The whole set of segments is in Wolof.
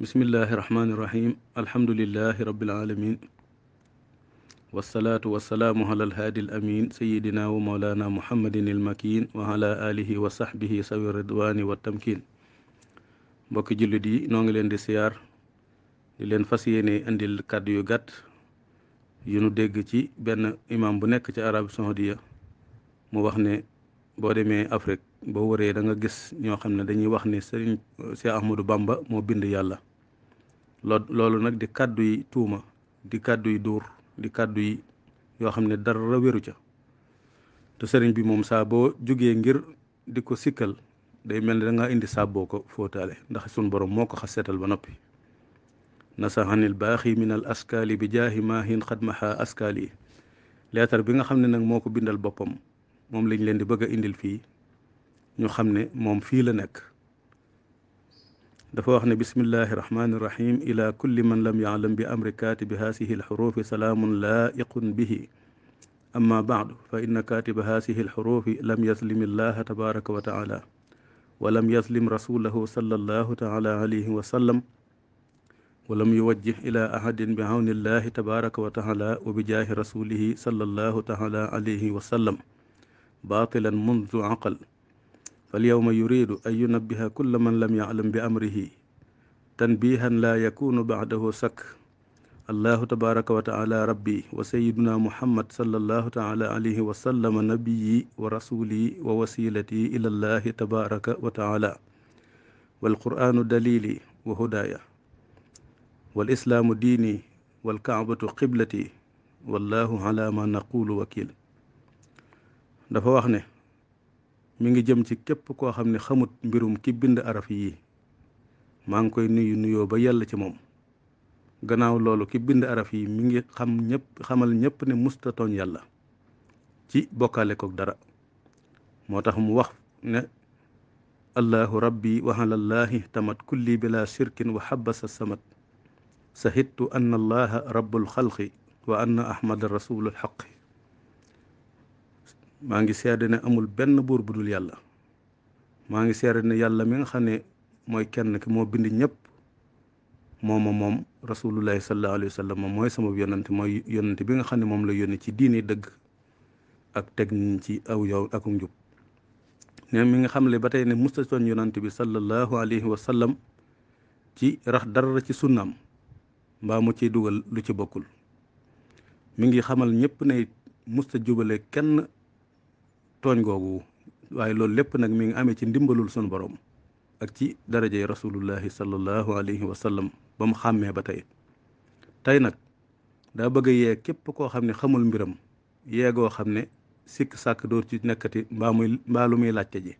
بسم الله الرحمن الرحيم الحمد لله رب العالمين والصلاة والسلام على الهادي الأمين سيدنا ومولانا محمد المكين وعلى آله وصحبه سوي الرضوان والتمكين بك جلدي نونغ لين دي سيار لين فاسييني اندي الكاديو غات يونو ديغ تي بن امام بو نيك تي عرب سعوديه مو واخني بو ديمي افريك بو وري داغا غيس ньо خامني داني واخني سيرين سي احمد بامبا مو بيند يالا loolu nag di kàddu yi tuuma di kàddu yi duur di kàddu yi yoo xam ne dara wéru ca te sëriñ bi moom saa boo jógee ngir di ko sikkal day mel ne danga ngaa indi sàbboo ko fóotaale ndax suñ borom moo ko xas seetal ba noppi nasahanil baaxi min al askaali bi jaahi maahin xadmaha askaali leetar bi nga xam ne nag moo ko bindal boppam moom lañ leen di bëgg a indil fii ñu xam ne moom fii la nekk دفو بسم الله الرحمن الرحيم الى كل من لم يعلم بامر كاتب هذه الحروف سلام لائق به اما بعد فان كاتب هذه الحروف لم يظلم الله تبارك وتعالى ولم يظلم رسوله صلى الله تعالى عليه وسلم ولم يوجه الى احد بعون الله تبارك وتعالى وبجاه رسوله صلى الله تعالى عليه وسلم باطلا منذ عقل فاليوم يريد أن ينبه كل من لم يعلم بأمره تنبيها لا يكون بعده سك الله تبارك وتعالى ربي وسيدنا محمد صلى الله تعالى عليه وسلم نبيي ورسولي ووسيلتي إلى الله تبارك وتعالى والقرآن دليلي وهدايا والإسلام ديني والكعبة قبلتي والله على ما نقول وكيل دفا mi ngi jëm ci képp koo xam ne xamut mbirum ki bind araf yi maa ngi koy nuyu nuyoo ba yàlla ci moom gannaaw loolu ki bind araf yi mi ngi xam ñëpp xamal ñëpp ne musta tooñ yàlla ci bokkaale koog dara moo tax mu wax ne allahu rabbi wa alallahi tamat kulli bila shirkin wa xabasa samat sahidtu anna allaha rabbul xalqi wa anna ahmada rasulul xaqi maa ngi seede ne amul benn buur bu dul yàlla maa ngi seede ne yàlla mi nga xam ne mooy kenn ki moo bind ñëpp mooma moom rasulullahi sallallahu alayhi wa sallam mooy sama yonante mooy yonante bi nga xam ne moom la yónni ci diini dëgg ak ci aw yow ak njub ne mi nga xam ne ba tey ne mustason yonante bi sallallahu alayhi wa sallam ci rax dara ci sunnaam mbaa mu ciy dugal lu ci bokkul mi ngi xamal ñëpp ne musta jubale kenn tooñ googu waaye loolu lépp nag mi ngi amee ci ndimbalul sunu borom ak ci darajey rasulullahi sallallahu alayhi wa sallam ba mu xàmmee ba tey tey nag daa bëgg a yee képp koo xam ne xamul mbiram yee goo xam ne sikk sàkk dóor ci nekkati mbaa muy mbaa lu muy laajte ji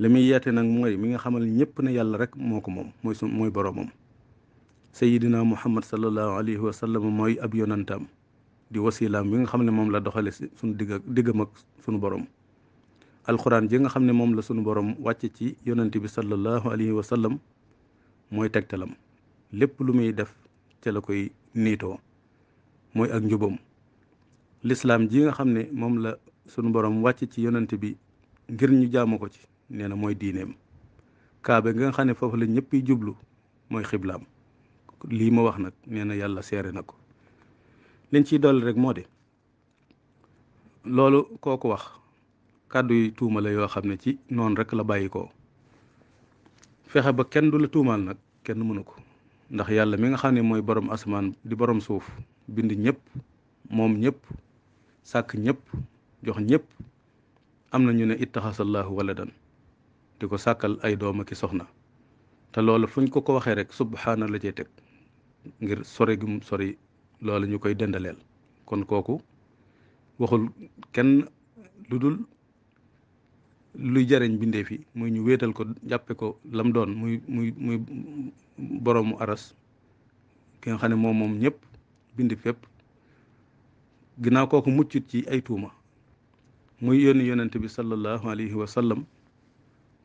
li muy yeete nag mooy mi nga xamal ñëpp ne yàlla rek moo ko moom mooy su mooy boroomam sayidina muhammad sallallahu alayhi wa sallam mooy ab yonantaam di wasilaam bi nga xam ne moom la doxale suñu digg diggam ak suñu borom alxuraan ji nga xam ne moom la sunu borom wàcce ci yonent bi sallallahu alayhi wa sallam mooy tegtalam lépp lu muy def ca koy niitoo mooy ak njubam lislaam ji nga xam ne moom la sunu borom wàcc ci yonent bi ngir ñu jaamu ko ci nee na mooy diineem kaabe nga xam ne foofu la ñëpp jublu mooy xiblaam lii ma wax nag nee na yàlla seere na ko liñ ciy dolli rek moo de loolu kooku wax kàddu yi tuuma la yoo xam ne ci noonu rek la bàyyi ko fexe ba kenn du la tuumaal nag kenn mënu ko ndax yàlla mi nga xam ne mooy borom asamaan di borom suuf bind ñëpp moom ñëpp sàkk ñëpp jox ñëpp am na ñu ne walla waladan di ko sàkkal ay doom ak i soxna te loolu fuñ ko ko waxee rek subhaana la cay teg ngir sori gum sori loolu ñu koy dendaleel kon kooku waxul kenn lu dul luy jariñ bindee fi muy ñu wéetal ko jàppe ko lam doon muy muy muy boroomu aras ki nga xam ne moom moom ñëpp bindi fépp ginnaaw kooku muccut ci ay tuuma muy yónni yonent bi sallallahu alayhi wa sallam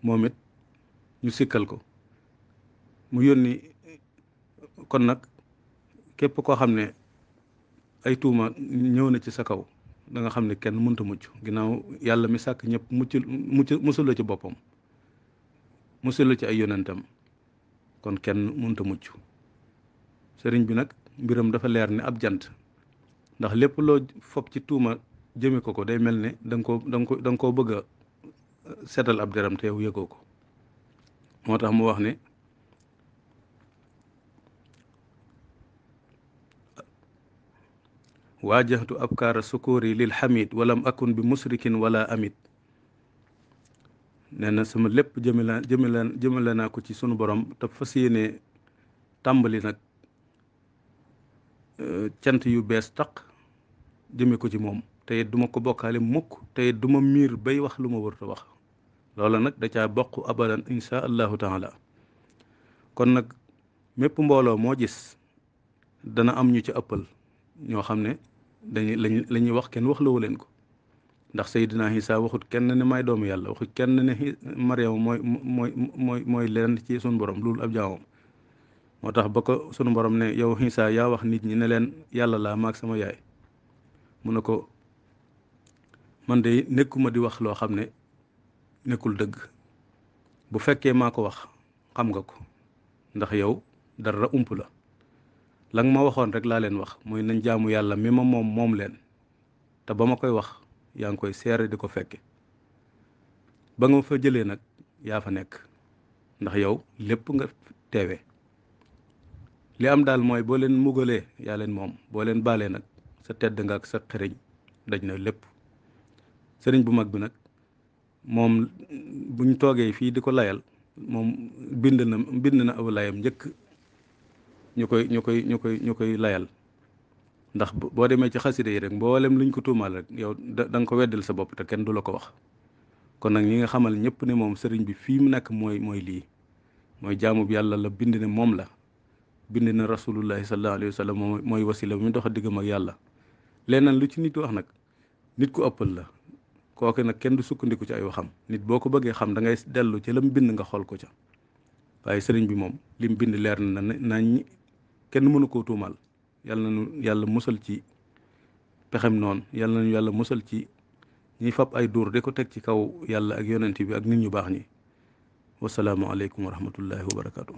moom ñu sikkal ko mu yónni kon nag képp koo xam ne ay tuuma ñëw na ci sa kaw da nga xam ne kenn mënta mucc ginnaaw yàlla mi sàkk ñëpp mucc mucc musul ci boppam musul ci ay yonentam kon kenn mënta mucc sëriñ bi nag mbiram dafa leer ne ab jant ndax lépp loo fob ci tuuma jëme ko ko day mel ne danga nga koo ko da nga koo bëgg a seetal ab deram te yow yëgoo ko moo tax mu wax ne واجهت أبكار سكوري للحميد ولم أكن بمشرك ولا أميد نانا سما لب جملان جملان جملانا كوتي سونو بروم تا فاسيني تامبلي نك تيانت يو بيس تاك جيمي كوتي موم تاي دوما كو بوكالي موك تاي دوما مير باي واخ لوما ورتا واخ لولا نك دا تا بوك ابدا ان شاء الله تعالى كون نك ميب مبولو مو جيس دانا ام نيو تي ابل ñoo xam ne dañuy lañ la ñuy wax kenn wax lawu leen ko ndax Seydina Isa waxut kenn ne may doomu yàlla waxut kenn ne Mariam mooy mooy mooy mooy leen ci sunu borom loolu ab jaamam moo tax ba ko sunu borom ne yow Isa yaa wax nit ñi ne leen yàlla laa maag sama yaay mu ne ko man de nekkuma di wax loo xam ne nekkul dëgg bu fekkee maa ko wax xam nga ko ndax yow dara ump la la nga ma waxoon rek laa leen wax muy nañ jaamu yàlla mi ma moom moom leen te ba ma koy wax yaa ngi koy seere di ko fekke ba nga fa jëlee nag yaa fa nekk ndax yow lépp nga teewe li am daal mooy boo leen mugalee yaa leen moom boo leen baalee nag sa tedd nga ak sa xëriñ daj na lépp sëriñ bu mag bi nag moom buñ toogee fii di ko layal moom bind na bind na aw layam njëkk ñu koy ñu koy ñu koy ñu koy layal ndax boo demee ci xasida yi rek mboolem luñ ko tuumaal rek yow da nga ko weddal sa bopp te kenn du la ko wax kon nag ñi nga xamal ñëpp ne moom sëriñ bi fii mu nekk mooy mooy lii mooy jaamu yàlla la bind ne moom la bind na rasulullahi sallallahu alayhi wa sallam moom mooy wasila mi dox a diggam ak yàlla leneen lu ci nit wax nag nit ku ëppal la kooke nag kenn du sukkandiku ci ay waxam nit boo ko bëggee xam da ngay dellu ci la mu bind nga xool ko ca waaye sëriñ bi moom lim bind leer na nañ kenn mënu koo tuumaal yàlla nañu yàlla musal ci pexem noon yàlla nañu yàlla musal ci ñiy fab ay dóor de ko teg ci kaw yàlla ak yonent bi ak nit ñu baax ñi wasalaamualeykum wa rahmatullahi wa barakaatu.